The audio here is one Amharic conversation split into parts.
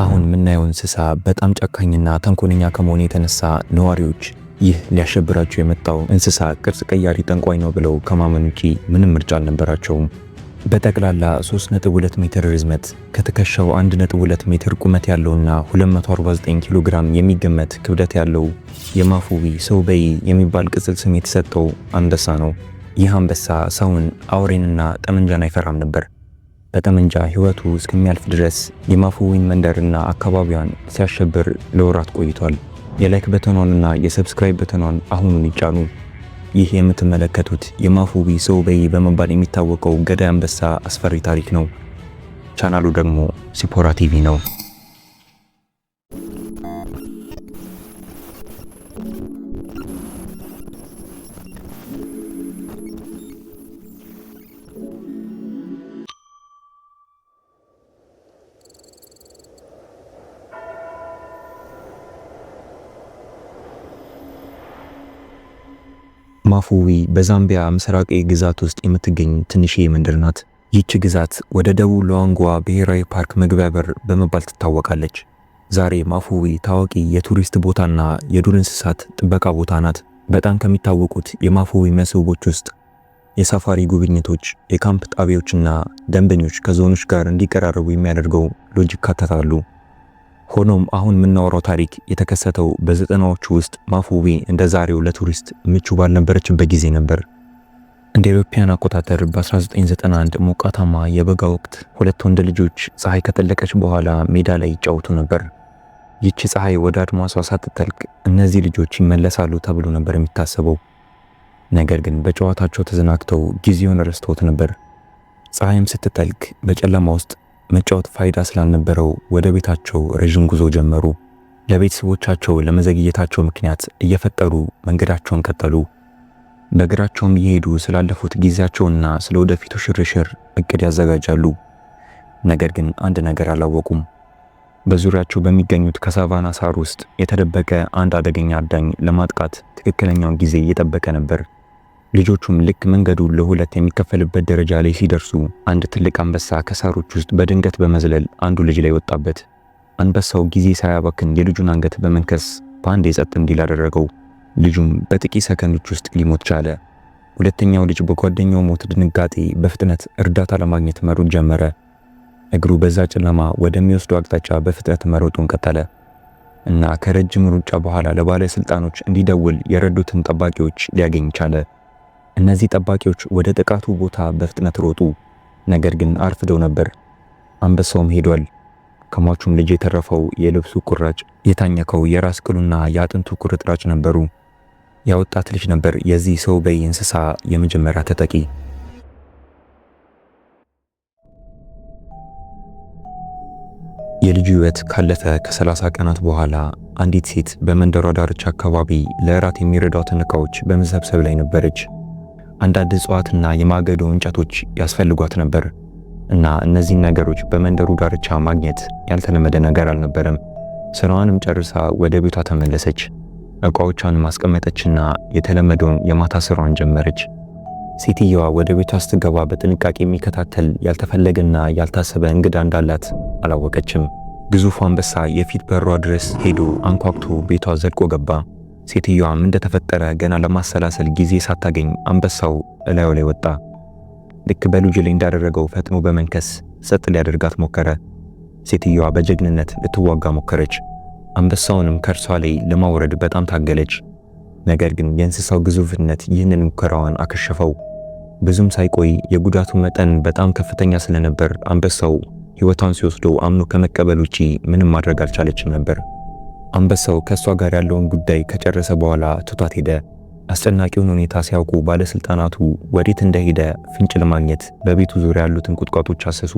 አሁን የምናየው እንስሳ በጣም ጨካኝና ተንኮለኛ ከመሆኑ የተነሳ ነዋሪዎች ይህ ሊያሸብራቸው የመጣው እንስሳ ቅርጽ ቀያሪ ጠንቋይ ነው ብለው ከማመን ውጪ ምንም ምርጫ አልነበራቸውም። በጠቅላላ 3.2 ሜትር ርዝመት ከትከሻው 1.2 ሜትር ቁመት ያለውና 249 ኪሎ ግራም የሚገመት ክብደት ያለው የማፉዊ ሰው በይ የሚባል ቅጽል ስም የተሰጠው አንበሳ ነው። ይህ አንበሳ ሰውን፣ አውሬንና ጠመንጃን አይፈራም ነበር። በጠመንጃ ህይወቱ እስከሚያልፍ ድረስ የማፉዊን መንደርና አካባቢዋን ሲያሸብር ለወራት ቆይቷል። የላይክ በተኗንና የሰብስክራይብ በተኗን አሁኑን ይጫኑ። ይህ የምትመለከቱት የማፉዊ ሰውበይ በመባል የሚታወቀው ገዳይ አንበሳ አስፈሪ ታሪክ ነው። ቻናሉ ደግሞ ሲፖራ ቲቪ ነው። ማፉዊ በዛምቢያ ምስራቅ ግዛት ውስጥ የምትገኝ ትንሽ መንደር ናት። ይህች ግዛት ወደ ደቡብ ሉዋንጓ ብሔራዊ ፓርክ መግቢያ በር በመባል ትታወቃለች። ዛሬ ማፉዊ ታዋቂ የቱሪስት ቦታና የዱር እንስሳት ጥበቃ ቦታ ናት። በጣም ከሚታወቁት የማፉዊ መስህቦች ውስጥ የሳፋሪ ጉብኝቶች፣ የካምፕ ጣቢያዎችና ደንበኞች ከዞኖች ጋር እንዲቀራረቡ የሚያደርገው ሎጅ ይካተታሉ። ሆኖም አሁን የምናወራው ታሪክ የተከሰተው በዘጠናዎቹ ውስጥ ማፉዌ እንደ ዛሬው ለቱሪስት ምቹ ባልነበረችበት ጊዜ ነበር። እንደ ኢሮፓያን አቆጣጠር በ1991 ሞቃታማ የበጋ ወቅት ሁለት ወንድ ልጆች ፀሐይ ከጠለቀች በኋላ ሜዳ ላይ ይጫወቱ ነበር። ይቺ ፀሐይ ወደ አድማሷ ሳትጠልቅ እነዚህ ልጆች ይመለሳሉ ተብሎ ነበር የሚታሰበው። ነገር ግን በጨዋታቸው ተዘናግተው ጊዜውን ረስተውት ነበር። ፀሐይም ስትጠልቅ በጨለማ ውስጥ መጫወት ፋይዳ ስላልነበረው ወደ ቤታቸው ረዥም ጉዞ ጀመሩ። ለቤተሰቦቻቸው ለመዘግየታቸው ምክንያት እየፈጠሩ መንገዳቸውን ቀጠሉ። በእግራቸውም እየሄዱ ስላለፉት ጊዜያቸውና ስለ ወደፊቱ ሽርሽር እቅድ ያዘጋጃሉ። ነገር ግን አንድ ነገር አላወቁም። በዙሪያቸው በሚገኙት ከሳቫና ሳር ውስጥ የተደበቀ አንድ አደገኛ አዳኝ ለማጥቃት ትክክለኛውን ጊዜ እየጠበቀ ነበር። ልጆቹም ልክ መንገዱ ለሁለት የሚከፈልበት ደረጃ ላይ ሲደርሱ አንድ ትልቅ አንበሳ ከሳሮች ውስጥ በድንገት በመዝለል አንዱ ልጅ ላይ ወጣበት። አንበሳው ጊዜ ሳያባክን የልጁን አንገት በመንከስ በአንድ የጸጥ እንዲል አደረገው። ልጁም በጥቂት ሰከንዶች ውስጥ ሊሞት ቻለ። ሁለተኛው ልጅ በጓደኛው ሞት ድንጋጤ በፍጥነት እርዳታ ለማግኘት መሮጥ ጀመረ። እግሩ በዛ ጨለማ ወደሚወስዱ አቅጣጫ በፍጥነት መሮጡን ቀጠለ እና ከረጅም ሩጫ በኋላ ለባለሥልጣኖች እንዲደውል የረዱትን ጠባቂዎች ሊያገኝ ቻለ። እነዚህ ጠባቂዎች ወደ ጥቃቱ ቦታ በፍጥነት ሮጡ፣ ነገር ግን አርፍደው ነበር። አንበሳውም ሄዷል። ከሟቹም ልጅ የተረፈው የልብሱ ቁራጭ፣ የታኘከው የራስ ቅሉና የአጥንቱ ቁርጥራጭ ነበሩ። ያወጣት ልጅ ነበር የዚህ ሰው በይ እንስሳ የመጀመሪያ ተጠቂ። የልጁ ህይወት ካለፈ ከ30 ቀናት በኋላ አንዲት ሴት በመንደሯ ዳርቻ አካባቢ ለእራት የሚረዷትን እቃዎች በመሰብሰብ ላይ ነበረች። አንዳንድ እጽዋትና የማገዶ እንጨቶች ያስፈልጓት ነበር እና እነዚህን ነገሮች በመንደሩ ዳርቻ ማግኘት ያልተለመደ ነገር አልነበረም። ስራዋንም ጨርሳ ወደ ቤቷ ተመለሰች። እቃዎቿን ማስቀመጠችና የተለመደውን የማታ ስራዋን ጀመረች። ሴትየዋ ወደ ቤቷ ስትገባ በጥንቃቄ የሚከታተል ያልተፈለገና ያልታሰበ እንግዳ እንዳላት አላወቀችም። ግዙፉ አንበሳ የፊት በሯ ድረስ ሄዶ አንኳኩቶ ቤቷ ዘልቆ ገባ። ሴትዮዋም እንደተፈጠረ ገና ለማሰላሰል ጊዜ ሳታገኝ አንበሳው እላዩ ላይ ወጣ። ልክ በልጁ ላይ እንዳደረገው ፈጥኖ በመንከስ ሰጥ ሊያደርጋት ሞከረ። ሴትዮዋ በጀግንነት ልትዋጋ ሞከረች። አንበሳውንም ከእርሷ ላይ ለማውረድ በጣም ታገለች። ነገር ግን የእንስሳው ግዙፍነት ይህንን ሙከራዋን አከሸፈው። ብዙም ሳይቆይ የጉዳቱ መጠን በጣም ከፍተኛ ስለነበር አንበሳው ሕይወቷን ሲወስዶ አምኖ ከመቀበል ውጪ ምንም ማድረግ አልቻለችም ነበር። አንበሳው ከእሷ ጋር ያለውን ጉዳይ ከጨረሰ በኋላ ትቷት ሄደ። አስጨናቂውን ሁኔታ ሲያውቁ ባለስልጣናቱ ወዴት እንደሄደ ፍንጭ ለማግኘት በቤቱ ዙሪያ ያሉትን ቁጥቋጦች አሰሱ።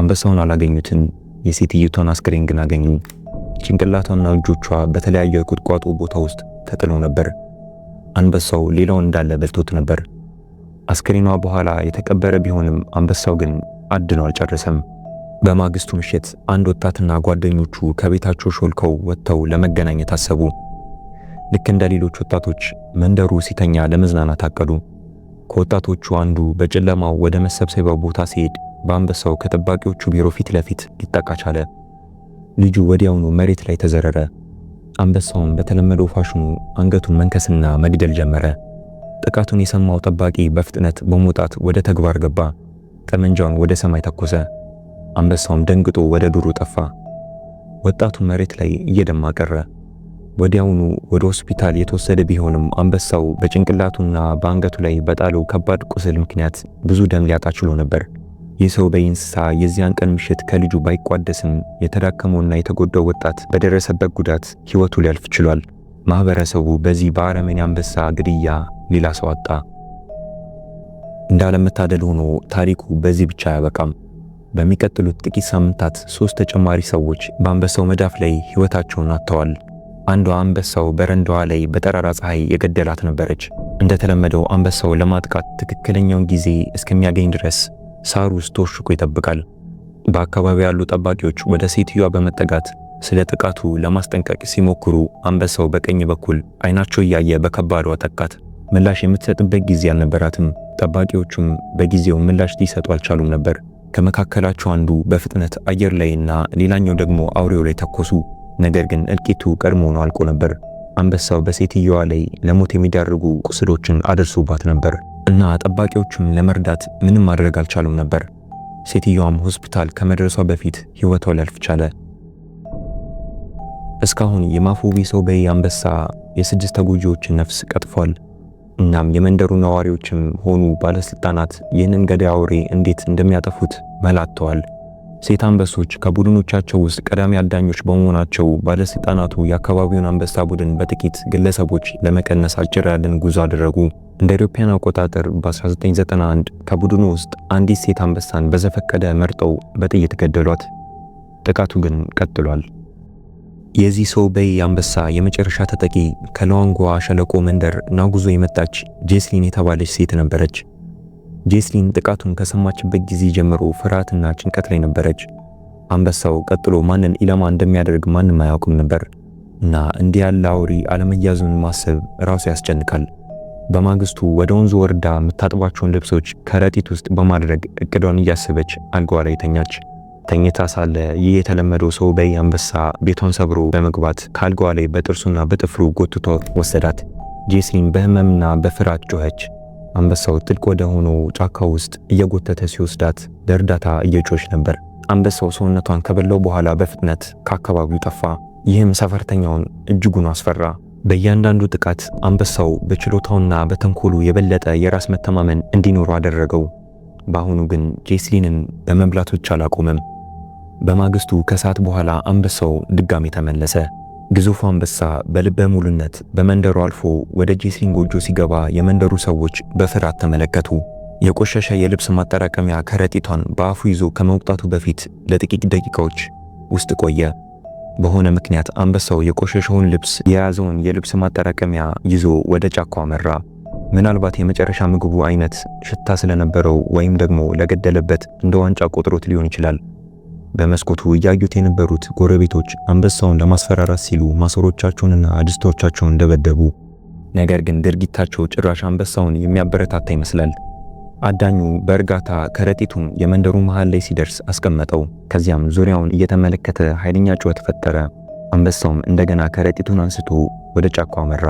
አንበሳውን አላገኙትም። የሴትየቷን አስክሬን ግን አገኙ። ጭንቅላቷና እጆቿ በተለያየ ቁጥቋጦ ቦታ ውስጥ ተጥሎ ነበር። አንበሳው ሌላውን እንዳለ በልቶት ነበር። አስክሬኗ በኋላ የተቀበረ ቢሆንም አንበሳው ግን አድኖ አልጨረሰም። በማግስቱ ምሽት አንድ ወጣትና ጓደኞቹ ከቤታቸው ሾልከው ወጥተው ለመገናኘት አሰቡ። ልክ እንደ ሌሎች ወጣቶች መንደሩ ሲተኛ ለመዝናናት አቀዱ። ከወጣቶቹ አንዱ በጨለማው ወደ መሰብሰቢያው ቦታ ሲሄድ በአንበሳው ከጠባቂዎቹ ቢሮ ፊት ለፊት ሊጠቃ ቻለ። ልጁ ወዲያውኑ መሬት ላይ ተዘረረ። አንበሳውን በተለመደው ፋሽኑ አንገቱን መንከስና መግደል ጀመረ። ጥቃቱን የሰማው ጠባቂ በፍጥነት በመውጣት ወደ ተግባር ገባ። ጠመንጃውን ወደ ሰማይ ተኮሰ። አንበሳውም ደንግጦ ወደ ዱሩ ጠፋ። ወጣቱ መሬት ላይ እየደማ ቀረ። ወዲያውኑ ወደ ሆስፒታል የተወሰደ ቢሆንም አንበሳው በጭንቅላቱና በአንገቱ ላይ በጣለው ከባድ ቁስል ምክንያት ብዙ ደም ሊያጣ ችሎ ነበር። ይህ ሰው በእንስሳ የዚያን ቀን ምሽት ከልጁ ባይቋደስም የተዳከመውና የተጎዳው ወጣት በደረሰበት ጉዳት ሕይወቱ ሊያልፍ ችሏል። ማህበረሰቡ በዚህ በአረመኔ አንበሳ ግድያ ሌላ ሰው አጣ። እንዳለመታደል ሆኖ ታሪኩ በዚህ ብቻ አያበቃም። በሚቀጥሉት ጥቂት ሳምንታት ሦስት ተጨማሪ ሰዎች በአንበሳው መዳፍ ላይ ሕይወታቸውን አጥተዋል። አንዷ አንበሳው በረንዳዋ ላይ በጠራራ ፀሐይ የገደላት ነበረች። እንደተለመደው አንበሳው ለማጥቃት ትክክለኛውን ጊዜ እስከሚያገኝ ድረስ ሳር ውስጥ ተወሽቆ ይጠብቃል። በአካባቢው ያሉ ጠባቂዎች ወደ ሴትዮዋ በመጠጋት ስለ ጥቃቱ ለማስጠንቀቅ ሲሞክሩ አንበሳው በቀኝ በኩል አይናቸው እያየ በከባዷ ጠቃት። ምላሽ የምትሰጥበት ጊዜ አልነበራትም። ጠባቂዎቹም በጊዜው ምላሽ ሊሰጡ አልቻሉም ነበር። ከመካከላቸው አንዱ በፍጥነት አየር ላይና ሌላኛው ደግሞ አውሬው ላይ ተኮሱ። ነገር ግን እልቂቱ ቀድሞውኑ አልቆ ነበር። አንበሳው በሴትየዋ ላይ ለሞት የሚዳርጉ ቁስሎችን አደርሶባት ነበር እና ጠባቂዎቹም ለመርዳት ምንም ማድረግ አልቻሉም ነበር። ሴትየዋም ሆስፒታል ከመድረሷ በፊት ሕይወቷ ሊያልፍ ቻለ። እስካሁን የማፉቢ ሰው በይ አንበሳ የስድስት ተጎጂዎችን ነፍስ ቀጥፏል። እናም የመንደሩ ነዋሪዎችም ሆኑ ባለስልጣናት ይህንን ገዳይ አውሬ እንዴት እንደሚያጠፉት መላተዋል። ሴት አንበሶች ከቡድኖቻቸው ውስጥ ቀዳሚ አዳኞች በመሆናቸው ባለስልጣናቱ የአካባቢውን አንበሳ ቡድን በጥቂት ግለሰቦች ለመቀነስ አጭር ያለን ጉዞ አደረጉ። እንደ ኢትዮጵያን አቆጣጠር በ1991 ከቡድኑ ውስጥ አንዲት ሴት አንበሳን በዘፈቀደ መርጠው በጥይት ገደሏት። ጥቃቱ ግን ቀጥሏል። የዚህ ሰው በይ አንበሳ የመጨረሻ ተጠቂ ከለዋንጓ ሸለቆ መንደር ናጉዞ የመጣች ጄስሊን የተባለች ሴት ነበረች። ጄስሊን ጥቃቱን ከሰማችበት ጊዜ ጀምሮ ፍርሃትና ጭንቀት ላይ ነበረች። አንበሳው ቀጥሎ ማንን ኢላማ እንደሚያደርግ ማንም አያውቅም ነበር እና እንዲህ ያለ አውሪ አለመያዙን ማሰብ ራሱ ያስጨንቃል። በማግስቱ ወደ ወንዙ ወርዳ የምታጥባቸውን ልብሶች ከረጢት ውስጥ በማድረግ እቅዷን እያሰበች አልጋዋ ላይ ተኛች። ተኝታ ሳለ ይህ የተለመደው ሰው በይ አንበሳ ቤቷን ሰብሮ በመግባት ካልጋዋ ላይ በጥርሱና በጥፍሩ ጎትቶ ወሰዳት። ጄስሊን በህመምና በፍርሃት ጮኸች። አንበሳው ጥልቅ ወደ ሆኖ ጫካ ውስጥ እየጎተተ ሲወስዳት ለእርዳታ እየጮች ነበር። አንበሳው ሰውነቷን ከበላው በኋላ በፍጥነት ከአካባቢው ጠፋ። ይህም ሰፈርተኛውን እጅጉን አስፈራ። በእያንዳንዱ ጥቃት አንበሳው በችሎታውና በተንኮሉ የበለጠ የራስ መተማመን እንዲኖሩ አደረገው። በአሁኑ ግን ጄስሊንን በመብላት ብቻ አላቆመም። በማግስቱ ከሰዓት በኋላ አንበሳው ድጋሜ ተመለሰ። ግዙፉ አንበሳ በልበ ሙሉነት በመንደሩ አልፎ ወደ ጄሲን ጎጆ ሲገባ የመንደሩ ሰዎች በፍርሃት ተመለከቱ። የቆሸሸ የልብስ ማጠራቀሚያ ከረጢቷን በአፉ ይዞ ከመውጣቱ በፊት ለጥቂት ደቂቃዎች ውስጥ ቆየ። በሆነ ምክንያት አንበሳው የቆሸሸውን ልብስ የያዘውን የልብስ ማጠራቀሚያ ይዞ ወደ ጫካው አመራ። ምናልባት የመጨረሻ ምግቡ አይነት ሽታ ስለነበረው ወይም ደግሞ ለገደለበት እንደ ዋንጫ ቆጥሮት ሊሆን ይችላል። በመስኮቱ እያዩት የነበሩት ጎረቤቶች አንበሳውን ለማስፈራራት ሲሉ ማሰሮቻቸውንና አድስቶቻቸውን ደበደቡ። ነገር ግን ድርጊታቸው ጭራሽ አንበሳውን የሚያበረታታ ይመስላል። አዳኙ በእርጋታ ከረጢቱን የመንደሩ መሃል ላይ ሲደርስ አስቀመጠው። ከዚያም ዙሪያውን እየተመለከተ ኃይለኛ ጩኸት ፈጠረ። አንበሳውም እንደገና ከረጢቱን አንስቶ ወደ ጫካው አመራ።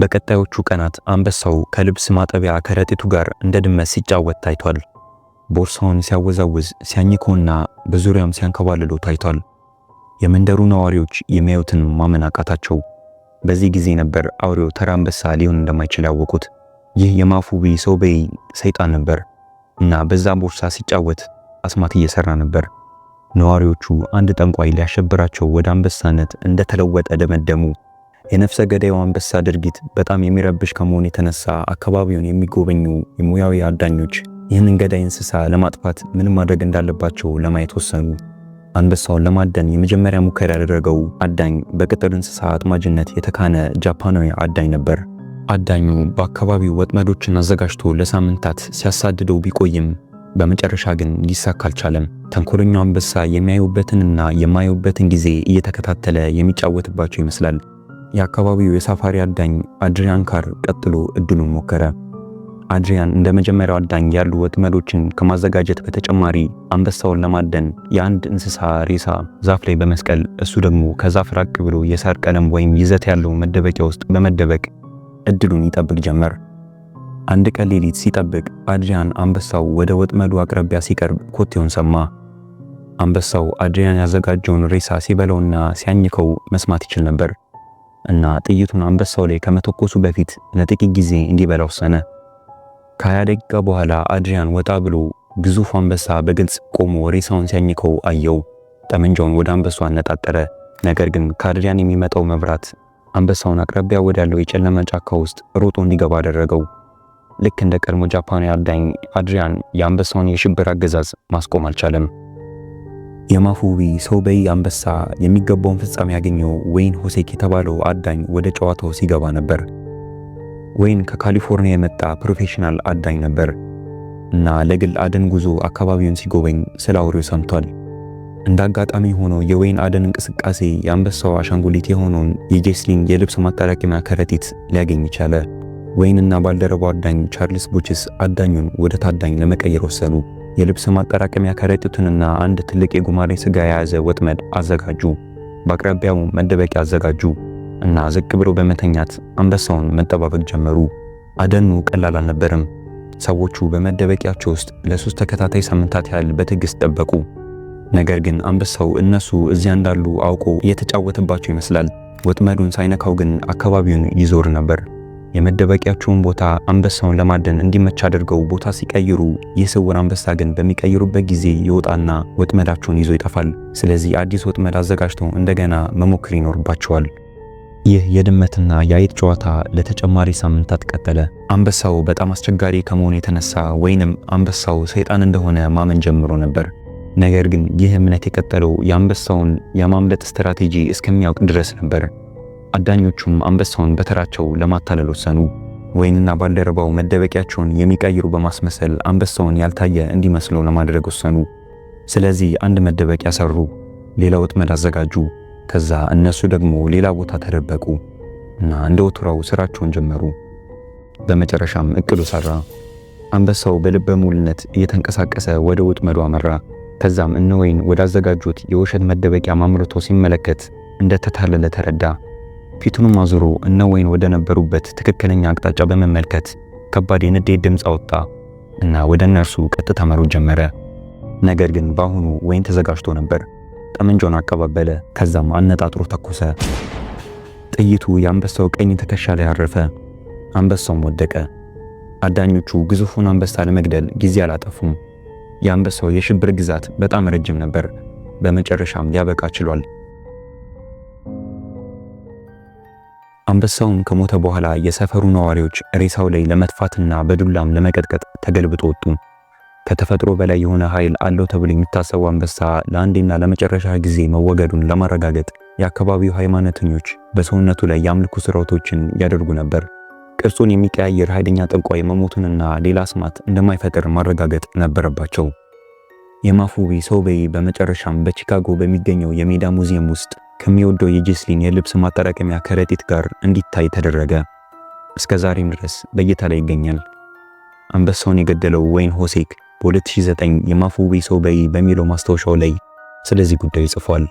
በቀጣዮቹ ቀናት አንበሳው ከልብስ ማጠቢያ ከረጢቱ ጋር እንደ ድመት ሲጫወት ታይቷል። ቦርሳውን ሲያወዛውዝ ሲያኝከውና በዙሪያም ሲያንከባልሎ ታይቷል። የመንደሩ ነዋሪዎች የሚያዩትን ማመን አቃታቸው። በዚህ ጊዜ ነበር አውሬው ተራ አንበሳ ሊሆን እንደማይችል ያወቁት። ይህ የማፉቢ ሰው በይ ሰይጣን ነበር እና በዛ ቦርሳ ሲጫወት አስማት እየሰራ ነበር። ነዋሪዎቹ አንድ ጠንቋይ ሊያሸብራቸው ወደ አንበሳነት እንደተለወጠ ደመደሙ። የነፍሰ ገዳዩ አንበሳ ድርጊት በጣም የሚረብሽ ከመሆን የተነሳ አካባቢውን የሚጎበኙ የሙያዊ አዳኞች ይህንን ገዳይ እንስሳ ለማጥፋት ምንም ማድረግ እንዳለባቸው ለማየት ወሰኑ። አንበሳውን ለማዳን የመጀመሪያ ሙከራ ያደረገው አዳኝ በቅጥር እንስሳ አጥማጅነት የተካነ ጃፓናዊ አዳኝ ነበር። አዳኙ በአካባቢው ወጥመዶችን አዘጋጅቶ ለሳምንታት ሲያሳድደው ቢቆይም በመጨረሻ ግን ሊሳካ አልቻለም። ተንኮለኛው አንበሳ የሚያዩበትንና የማያዩበትን ጊዜ እየተከታተለ የሚጫወትባቸው ይመስላል። የአካባቢው የሳፋሪ አዳኝ አድሪያን ካር ቀጥሎ እድሉን ሞከረ። አድሪያን እንደ መጀመሪያው አዳኝ ያሉ ወጥመዶችን ከማዘጋጀት በተጨማሪ አንበሳውን ለማደን የአንድ እንስሳ ሬሳ ዛፍ ላይ በመስቀል እሱ ደግሞ ከዛፍ ራቅ ብሎ የሳር ቀለም ወይም ይዘት ያለው መደበቂያ ውስጥ በመደበቅ እድሉን ይጠብቅ ጀመር። አንድ ቀን ሌሊት ሲጠብቅ አድሪያን አንበሳው ወደ ወጥመዱ አቅራቢያ ሲቀርብ ኮቴውን ሰማ። አንበሳው አድሪያን ያዘጋጀውን ሬሳ ሲበላውና ሲያኝከው መስማት ይችል ነበር እና ጥይቱን አንበሳው ላይ ከመተኮሱ በፊት ለጥቂት ጊዜ እንዲበላ ወሰነ። ከሀያ ደቂቃ በኋላ አድሪያን ወጣ ብሎ ግዙፍ አንበሳ በግልጽ ቆሞ ሬሳውን ሲያኝከው አየው። ጠመንጃውን ወደ አንበሳው አነጣጠረ። ነገር ግን ከአድሪያን የሚመጣው መብራት አንበሳውን አቅራቢያ ወዳለው የጨለመ ጫካ ውስጥ ሮጦ እንዲገባ አደረገው። ልክ እንደ ቀድሞ ጃፓን አዳኝ አድሪያን የአንበሳውን የሽብር አገዛዝ ማስቆም አልቻለም። የማፉዊ ሰው በይ አንበሳ የሚገባውን ፍጻሜ ያገኘው ወይን ሆሴክ የተባለው አዳኝ ወደ ጨዋታው ሲገባ ነበር። ወይን ከካሊፎርኒያ የመጣ ፕሮፌሽናል አዳኝ ነበር እና ለግል አደን ጉዞ አካባቢውን ሲጎበኝ ስለ አውሬው ሰምቷል። እንደ አጋጣሚ ሆኖ የወይን አደን እንቅስቃሴ የአንበሳው አሻንጉሊት የሆነውን የጄስሊን የልብስ ማጠራቀሚያ ከረጢት ሊያገኝ ቻለ። ወይንና ባልደረባው አዳኝ ቻርልስ ቡችስ አዳኙን ወደ ታዳኝ ለመቀየር ወሰኑ። የልብስ ማጠራቀሚያ ከረጢቱንና አንድ ትልቅ የጉማሬ ስጋ የያዘ ወጥመድ አዘጋጁ። በአቅራቢያው መደበቂያ አዘጋጁ። እና ዝቅ ብለው በመተኛት አንበሳውን መጠባበቅ ጀመሩ። አደኑ ቀላል አልነበርም። ሰዎቹ በመደበቂያቸው ውስጥ ለሶስት ተከታታይ ሳምንታት ያህል በትዕግስት ጠበቁ። ነገር ግን አንበሳው እነሱ እዚያ እንዳሉ አውቆ እየተጫወተባቸው ይመስላል። ወጥመዱን ሳይነካው ግን አካባቢውን ይዞር ነበር። የመደበቂያቸውን ቦታ አንበሳውን ለማደን እንዲመች አድርገው ቦታ ሲቀይሩ፣ ይህ ስውር አንበሳ ግን በሚቀይሩበት ጊዜ ይወጣና ወጥመዳቸውን ይዞ ይጠፋል። ስለዚህ አዲስ ወጥመድ አዘጋጅተው እንደገና መሞክር ይኖርባቸዋል። ይህ የድመትና የአይጥ ጨዋታ ለተጨማሪ ሳምንታት ቀጠለ። አንበሳው በጣም አስቸጋሪ ከመሆኑ የተነሳ ወይንም አንበሳው ሰይጣን እንደሆነ ማመን ጀምሮ ነበር። ነገር ግን ይህ እምነት የቀጠለው የአንበሳውን የማምለጥ ስትራቴጂ እስከሚያውቅ ድረስ ነበር። አዳኞቹም አንበሳውን በተራቸው ለማታለል ወሰኑ። ወይንና ባልደረባው መደበቂያቸውን የሚቀይሩ በማስመሰል አንበሳውን ያልታየ እንዲመስለው ለማድረግ ወሰኑ። ስለዚህ አንድ መደበቂያ ሰሩ፣ ሌላ ወጥመድ አዘጋጁ። ከዛ እነሱ ደግሞ ሌላ ቦታ ተደበቁ እና እንደ ወትሮው ስራቸውን ጀመሩ። በመጨረሻም እቅዱ ሰራ። አንበሳው በልበ ሙልነት እየተንቀሳቀሰ ወደ ወጥመዱ አመራ። ከዛም እነ ወይን ወዳዘጋጁት የውሸት መደበቂያ ማምርቶ ሲመለከት እንደተታለለ ተረዳ። ፊቱንም አዙሮ እነ ወይን ወደ ነበሩበት ትክክለኛ አቅጣጫ በመመልከት ከባድ የንዴት ድምፅ አወጣ እና ወደ እነርሱ ቀጥታ መሮጥ ጀመረ። ነገር ግን በአሁኑ ወይን ተዘጋጅቶ ነበር። ጠመንጃውን አቀባበለ። ከዛም አነጣጥሮ ተኮሰ። ጥይቱ የአንበሳው ቀኝ ትከሻ ላይ አረፈ። አንበሳውም ወደቀ። አዳኞቹ ግዙፉን አንበሳ ለመግደል ጊዜ አላጠፉም። የአንበሳው የሽብር ግዛት በጣም ረጅም ነበር። በመጨረሻም ሊያበቃ ችሏል። አንበሳውም ከሞተ በኋላ የሰፈሩ ነዋሪዎች ሬሳው ላይ ለመጥፋትና በዱላም ለመቀጥቀጥ ተገልብጦ ወጡ። ከተፈጥሮ በላይ የሆነ ኃይል አለው ተብሎ የሚታሰቡ አንበሳ ለአንዴና ለመጨረሻ ጊዜ መወገዱን ለማረጋገጥ የአካባቢው ሃይማኖተኞች በሰውነቱ ላይ የአምልኮ ስርዓቶችን ያደርጉ ነበር። ቅርጹን የሚቀያየር ኃይለኛ ጠንቋይ መሞቱንና ሌላ ስማት እንደማይፈጥር ማረጋገጥ ነበረባቸው። የማፉቢ ሰውቤይ በመጨረሻም በቺካጎ በሚገኘው የሜዳ ሙዚየም ውስጥ ከሚወደው የጄስሊን የልብስ ማጠራቀሚያ ከረጢት ጋር እንዲታይ ተደረገ። እስከ ዛሬም ድረስ በእይታ ላይ ይገኛል። አንበሳውን የገደለው ወይን ሆሴክ በ2009 የማፉዌ ሶቤይ በሚለው ማስታወሻው ላይ ስለዚህ ጉዳይ ጽፏል።